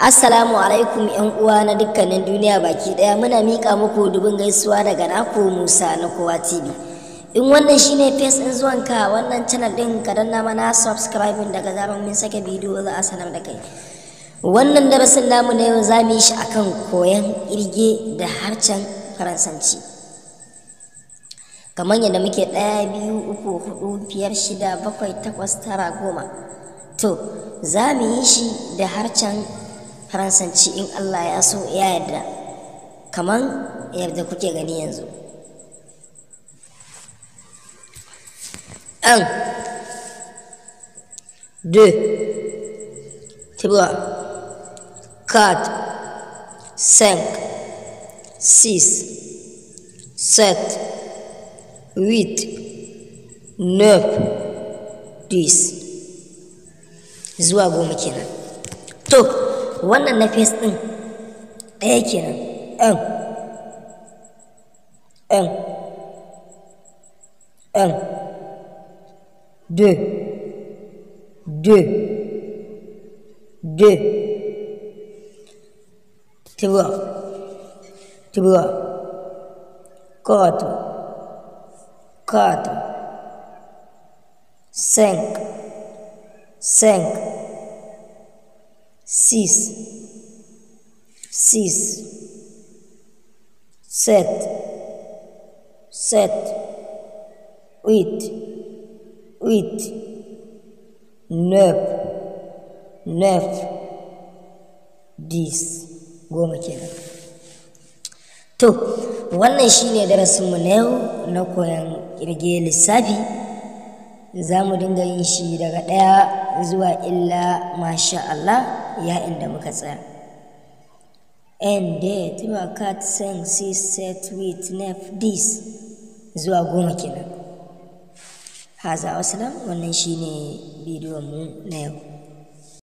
Assalamu alaikum ‘yan uwa na dukkanin duniya baki ɗaya muna miƙa muku dubin gaisuwa daga naku Musa na kowa TV. In wannan shine face ɗin zuwan ka wannan channel ɗin ka danna mana subscribe daga zaran mun sake bidiyo za a sanar da kai. Wannan darasin namu na yau zamu yi shi akan koyon irge da harshen Faransanci. Kamar yadda muke ɗaya biyu uku huɗu biyar shida bakwai takwas tara goma. To, za mu yi shi da harshen faransanci in allah ya so ya yarda kaman yadda kuke gani yanzu an deux trois quatre cinq six sept huit neuf dix zuwa goma kenan to wannan na face ɗin ɗaya kenan n n n deux deux deux trois trois quatre quatre 6 6 7 7 8 8 9 9 10 goma kenan to wannan shine mu na yau na koyan kirge lissafi za mu dinga yin shi daga ɗaya zuwa illa masha Allah yayin inda muka tsaya and there through Kat sang see set with nef this zuwa goma kenan haza nan wannan shine bidiyon mu na yau